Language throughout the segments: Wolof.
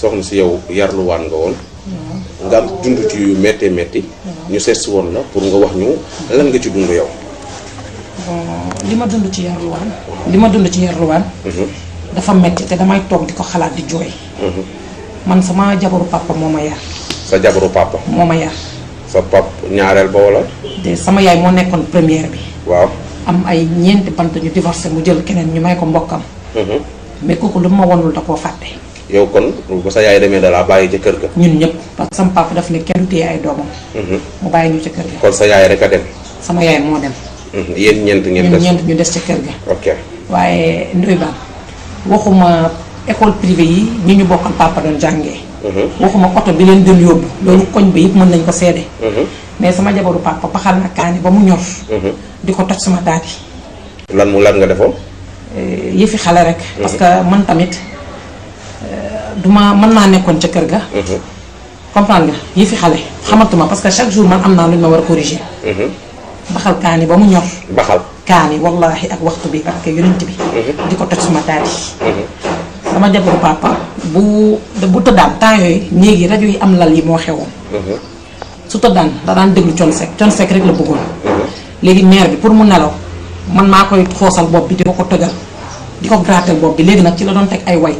soxna si yow yarluwaan nga woon hmm. nga am dund ci yu méttee metti hmm. ñu seet si woon la pour nga wax ñu lan nga ci dund yow li ma dund ci yarluwaan li ma dund ci yarluwaan hmm. dafa metti te damay toog di ko xalaat di jooy. Mm-hmm. man sama jabaru papa moo ma yar. sa jabaru papa. moo ma yar. sa pap ñaareel ba wala. de sama yaay moo nekkoon première bi. waaw am ay ñeenti bant ñu divorcé mu jël keneen ñu may ko mbokkam. Mm-hmm. mais kooku lu ma wonul da koo fàtte. yow kon bu sa yaay demee da laa bàyyi ca ñun ñëpp parce que sama papa daf kenn du téye ay doomam. Mm-hmm. mu kon a dem. sama yaay moo dem. yéen ñeent ngeen des ñun ñeent ñu des ca kër ga. ok waaye Ndoye Bane waxuma école privée yi ñi ñu bokkal papa doon jàngee. Mhm. waxuma oto bi leen doon yóbbu. Mhm. loolu koñ ba yëpp mën nañ ko seede. Mhm. mais sama jabaru papa baxal na kaani ba mu ñor. di ko toj sama daal yi lan mu lan nga defoon. Eh, yëfi xale rek. parce que man tamit eh, duma mën naa nekkoon ca kër ga. comprendre nga yëfi xale xamatuma parce que chaque jour man am naa lu ñu ma war a corriger. baxal kaani ba mu ñor. kaani wallahi ak waxtu bi barke yonent bi mhm. di ko toj suma daal mhm. sama jabaru papa bu bu tëddaan temps yooyu néegi rajo yi am lal yi moo xewoon mhm. su tëddaan da daan déglu con sec con sec rek la bëggoon léegi mère bi pour mu nelaw man maa koy xoosal bopp bi di ko ko tojal di ko bi léegi nag ci la doon teg ay way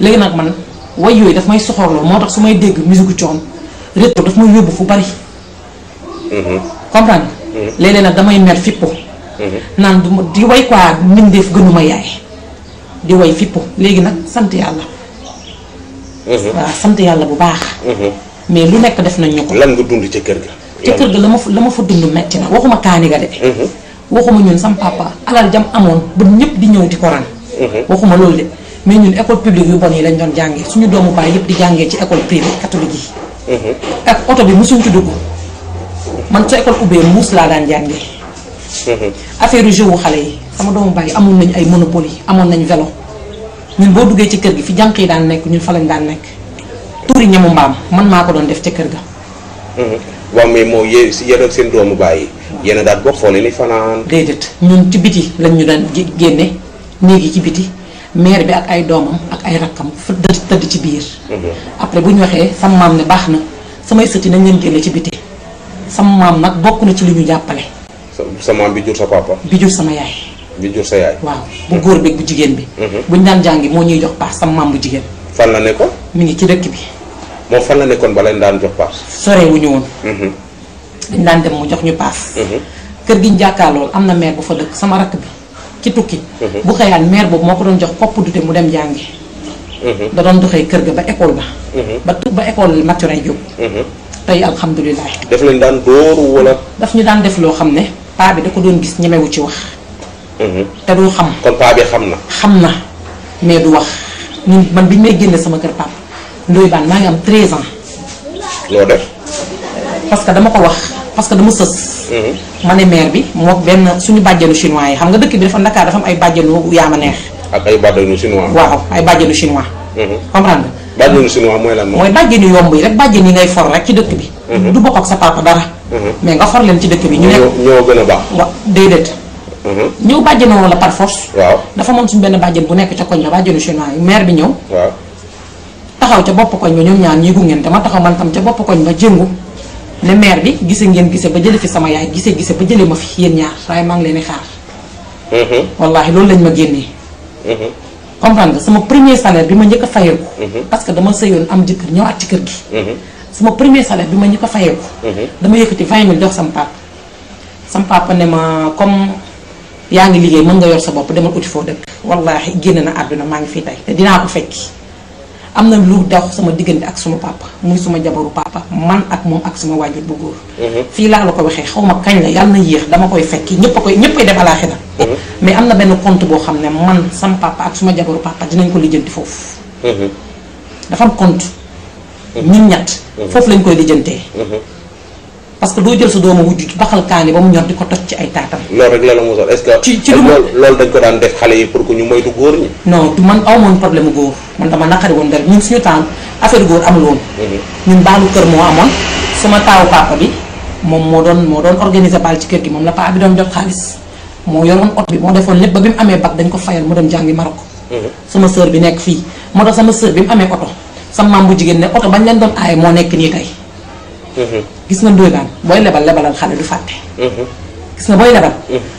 léegi nag man way yooyu daf may soxorloo moo tax su may dégg musique coon rétro daf may yóbbu fu bari comprendre léeg nag damay mer fippo Mm-hmm. naan du ma di way quoi mbindeef gënuma yaay di way fippu léegi nag sant yàlla mm-hmm. waaw sant yàlla bu baax mm-hmm. mais lu nekk def nañ ñu ko lan nga dund ci kër ga ci la ma la ma fa dund metti na waxuma kaani ga de waxuma ñun sam alal jam amoon ba ñëpp di ñëw di ko ran waxuma loolu de mais ñun école publique yu bon yi lañ doon jàngee suñu doomu baay yëpp di jàngee ci école privée catholique yi ak oto bi musuñ ci dugg man sa école ubbee muus laa daan jàngee Mm-hmm. affaire yu wu xale yi sama doomu bàyyi amoon nañu ay monopole yi amoon nañ vélo ñun boo duggee ci kër gi fi jànq yi daan nekk ñun fa lañ daan nekk tuuri ñamu mbaam man maa ko doon def ci kër ga mm-hmm. waaw mais moom yéen yéen ak seen doomu bàyyi yéen a daan bokk foo leen di fanaan déedéet ñun ci biti lañ ñu daan génne néeg yi ci biti maire bi ak ay doomam ak ay rakkam fa ci biir mm-hmm. après bu ñu waxee sama maam ne baax na samay sëti nañ leen génne ci biti sama maam nag bokk na ci li ñu jàppale sa maam bi jur sa papa. bi jur sama yaay. bi jur sa yaay. waaw bu góor beeg bu jigéen bi. Mhm. buñ daan jàngi moo ñuy jox paas sama maam bu jigéen. fan la nekkoon. mi ngi ci dëkk bi. moom fan la nekkoon ba leen daan jox paas. sore wu ñu woon. Mhm. dañ daan dem mu jox ñu paas. Mhm. kër gi ñu am na maire bu fa dëkk sama rakk bi ci tukki. bu xëyaan maire boobu moo ko doon jox kopp mu dem jàngi. da doon doxee kër ga ba école ba. ba tu ba école Mathurin Diop. tey alhamdulilah. daf leen daan dóor wala. daf ñu daan def loo xam ne. paa bi da ko doon gis ñemewu ci wax. Mhm. te du xam. kon paa bi xam na. xam na mais du wax ñun man bi may génne sama kër papa Ndoye Bane maa ngi am 13 ans. loo def. parce que dama ko wax parce que dama sës. Mhm. ma ne maire bi mook benn suñu bàjjenu chinois yi xam nga dëkk bi dafa Ndakaar dafa ay bàjjenu yaa ma neex. ak ay bàjjenu chinois. waaw ay bàjjenu chinois. Mhm. bàjjenu chinois mooy lan moom. mooy bàjjen yu yomb yi rek bàjjen yi ngay for rek ci dëkk bi. Mhm. du bokk ak sa papa dara. Mhm. mais nga for leen ci dëkk bi. ñu nekk ñoo gën a baax. waaw déedéet. Mhm. ñëw bàjjenoo la par force. dafa moom suñ benn bàjjen bu nekk ca koñ la bàjjenu chinois yi maire bi ñëw. taxaw ca bopp koñ ba ñoom ñaar ñii gungeen dama taxaw man tam ca bopp koñ ba jëngu. ne maire bi gise ngeen gise ba jële fi sama yaay gise gise ba jële ma fi yéen ñaar waaye maa ngi leen di xaar. wallaahi loolu lañ ma génnee. comprendre nga sama premier salaire bi ma njëkk a fayeeku mhm. parce dama sëyoon am jëkkër ñëwaat ci kër gi mhm. sama premier salaire bi ma njëkk a fayeeku mhm. dama yëkkati vingt mille jox sama papa sama papa ne ma comme yaa ngi liggéey mën nga yor sa bopp demal uti foo dëkk wallaahi génn na àdduna maa ngi fii tey te dinaa ko fekki am na lu dox sama diggante ak suma papa muy suma jabaru papa man ak moom ak suma waajur bu góor. Mm-hmm. fii laa la ko waxee xaw ma kañ la yàlla na yéex dama koy fekki ñëpp a koy ñëpp a dem alaaxira mm-hmm. mais am na benn compte boo xam ne man sama papa ak suma jabaru papa dinañ ko lijjanti foofu. Mm-hmm. dafa am compte. ñun ñett. foofu lañ koy lijjantee. parce que doo jël sa doomu wujj baxal kaani ba mu ñor di ko toj ci ay taatam. loolu rek la la mosal est-ce que. ci ci loolu dañ ko daan def xale yi pour que ñu moytu góor ñi. non man aw problème góor. man dama naqari woon dara ñun suñu temps affaire góor amul woon. ñun baalu kër moo amoon sama taawu papa bi moom moo doon moo doon organiser baal ci kër gi moom la paa bi doon jot xaalis moo yoroon oto bi moo defoon lépp ba bi mu amee bac dañ ko fayal mu dem jàngi Maroc. sama sœur bi nekk fii moo tax sama sœur bi mu amee oto sama maam bu jigéen ne oto bañ leen doon aaye moo nekk nii tey. gis nga Ndoye Bane booy lebal lebalal xale du fàtte. gis nga booy lebal.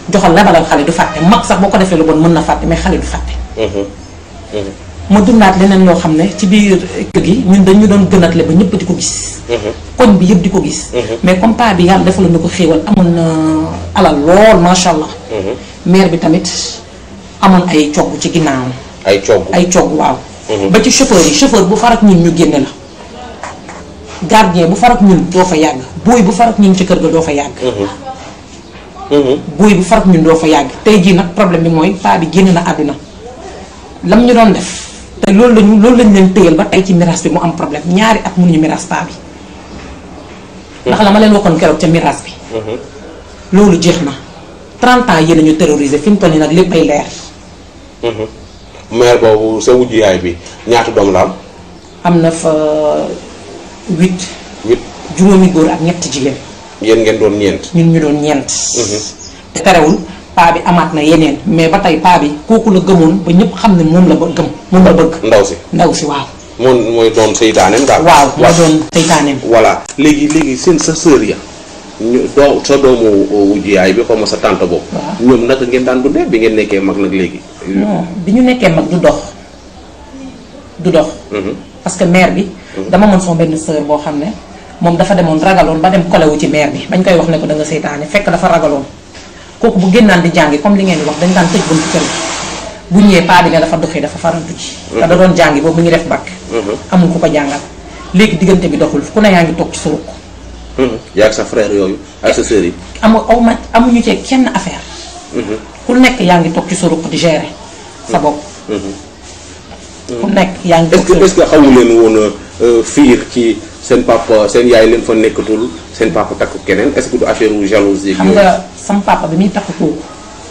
joxal lebalal xale du fàtte mag sax boo ko defee lu bon mën na fàtte mais xale du fàtte. ma dundaat leneen loo xam ne ci biir kër gi ñun dañu doon gënatle ba ñëpp di ko gis. Mhm. koñ bi yëpp di ko gis. Mhm. mais comme paa bi yàlla defaloon na ko xéewal amoon na alal lool macha allah. Mhm. maire bi tamit amoon ay cogg ci ginnaaw. ay cogg ay cogg waaw. ba ci chauffeur yi chauffeur bu farak ñun ñu génne la. gardien bu farak ñun doo fa yàgg booy bu farak ñun ci kër ga doo fa yàgg. buy bu farak ñun doo fa yàgg tey jii nag problème bi mooy paa bi génn na àdduna lam ñu doon def. loolu lañu loolu lañ leen tëyal ba tey ci miraas bi mu am problème ñaari at mënuñu miraas paa bi. ndax la ma leen waxoon keroog ca miraas bi. Mhm. loolu jeex na 30 ans yéen a ñu terrorisé fi mu toll yi nag léppay leer. mère mhm. boobu sa wujju yaay bi ñaata doom la am. am na fa huit. huit juróomi góor ak ñetti jigéen. yéen ngeen doon ñeent. ñun ñu doon ñeent. Mhm. te terewul. paa bi amaat na yeneen mais ba tey paa bi kooku la gëmoon ba ñëpp xam ne moom la ba gëm moom la bëgg ndaw si ndaw si waaw moom mooy doon seytaaneem daal waaw mooy doon seytaaneem voilà léegi léegi seen sa sœur ya ñu doo sa doomu wujju ma sa tante boobu ñoom naka ngeen daan dundee bi ngeen nekkee mag nag léegi bi ñu nekkee mag du dox du dox mhm. parce que mère bi mhm. dama mën sama benn sœur boo xam ne moom dafa demoon ragaloon ba dem kolewu ci meer bi bañ koy wax ne ko da nga seytaane fekk dafa ragaloon kooku bu génnaan di jàngi comme li ngeen di wax dañ daan tëj buntu kër bu ñëwee paa bi ne dafa dafa farantu ci mhm. te da doon jàngi boobu mu ngi def bàkk mhm. amul ku ko jàngal léegi diggante bi doxul ku ne yaa ngi toog ci sa ruq mhm. yaa ak sa frère yooyu ak sa sœur yi amu aw ma amuñu cee kenn affaire ku nekk yaa ngi toog ci sa ruq di gérer sa bopp ku nekk yaa ngi toog est-ce que xamu leen woon euh, fiir ci seen papa seen yaay leen fa nekkatul seen papa takku keneen est du affaire wu jalousie. xam nga sama papa bi muy takku kooku.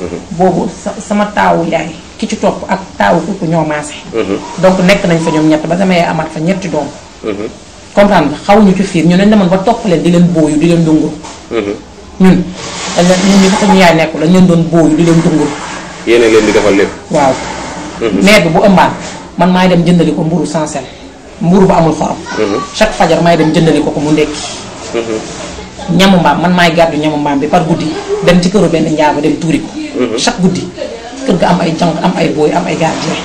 Mhm. boobu sama taawu yaay ki ci topp ak taawu kooku ñoo maase. Mhm. donc nekk nañ fa ñoom ñett ba sama yaay amaat fa ñetti doom. Mhm. comprendre nga xawuñu ci fiir ñu ne demoon ba topp leen di leen booyu di leen dungu. ñun dañ leen ñun ñëpp suñu yaay nekkul dañ leen doon booyu di leen dungu. yéen leen di defal waaw. mère bi bu ëmbaan man maay dem jëndali ko mburu sans sel. mburu ba amul xorom. Mhm. chaque fajar may dem jëndali ko ko mu ndekki. Mhm. ñamu mbaam man maay gàddu ñamu mbaam bi par guddi dem ci këru benn njaago dem tuuri ko. Mhm. chaque guddi kër ga am ay jàng am ay booy am ay gardien.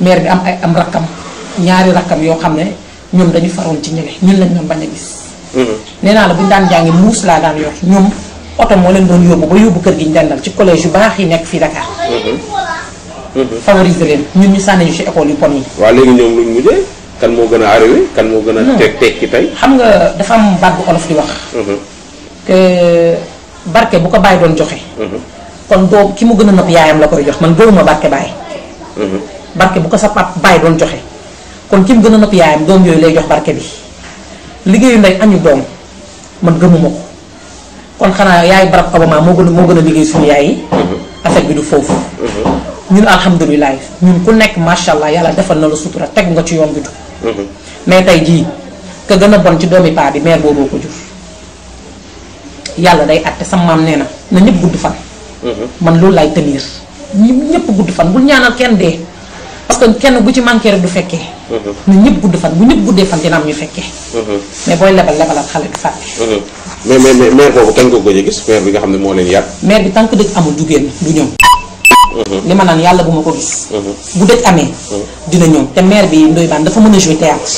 maire bi am ay am rakkam ñaari rakkam yoo xam ne ñoom dañu faroon ci ñëwee ñun lañ doon bañ a gis. nee naa la bu ñu daan jàngi muus laa daan yor ñoom oto moo leen doon yóbbu ba yóbbu kër gi ñu dendal ci collège yu baax yi nekk fii Dakar. favoriser leen ñun ñu ñu ci yu pon yi. waaw kan moo gën a arrivé kan moo gën a teg tekki tey xam nga dafa am baat bu olof di wax mm-hmm. que barke bu ko bàyyi doon joxe mm-hmm. kon doo ki mu gën a nëb yaayam la koy jox man gëwuma barke bàyyi mm-hmm. barke bu ko sa pap bàyyi doon joxe kon ki mu gën a nëb yaayam doom yooyu lay jox barke bi liggéeyu ndey añu doom man gëmuma ko kon xanaa yaay Barack Obama moo gën a moo gën a liggéey suñu yaay yi affaire bi du foofu ñun alhamdulilah ñun ku nekk macha allah yàlla defal na la sutura teg nga ci yoon bi du mais tay jii ka gën a bon ci doomi paa bi meer booboo ko jur yàlla day àtte sa maam nee na na ñëpp gudd fan man loolu lay tenir ñëpp gudd fan bul ñaanal kenn dee parce que kenn bu ci manqué rek du fekkee na ñëpp gudd fan bu ñëpp guddee fan dina am ñu fekkee mais booy lebal lebalal xale du fàtte mais mais mais maire boobu kañ ko gëj a gis maire bi nga xam ne moo leen yàgg maire bi tànk dëgg amul jugéen du ñëw li ma naan yàlla bu ma ko gis. bu dëj amee. dina ñëw te maire bi Ndoye Bane dafa mën a jouer théâtre.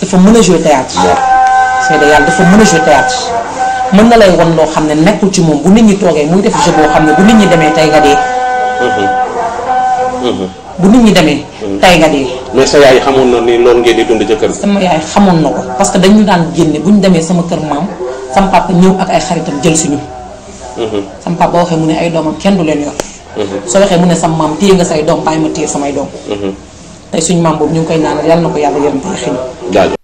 dafa mën a jouer théâtre. yàlla dafa mën a jouer théâtre mën na lay won loo xam ne nekkul ci moom bu nit ñi toogee muy def jeu boo xam ne bu nit ñi demee tey nga dee. bu nit ñi demee. tey nga dee. mais sa yaay xamoon na ni loolu ngeen di dund ca kër gi. sama yaay xamoon na ko parce que dañu daan génne bu ñu demee sama kër maam sama papa ñëw ak ay xaritam jël suñu. Mm-hmm. sama papa boo waxee mu ne ay doomam kenn du leen yor mm-hmm. soo waxee mu ne sama maam téye nga say doom bàyyi ma téye samay doom mm-hmm. tey suñu maam boobu ñu koy ñaanal yàlla na ko yàlla yërëm te xiñ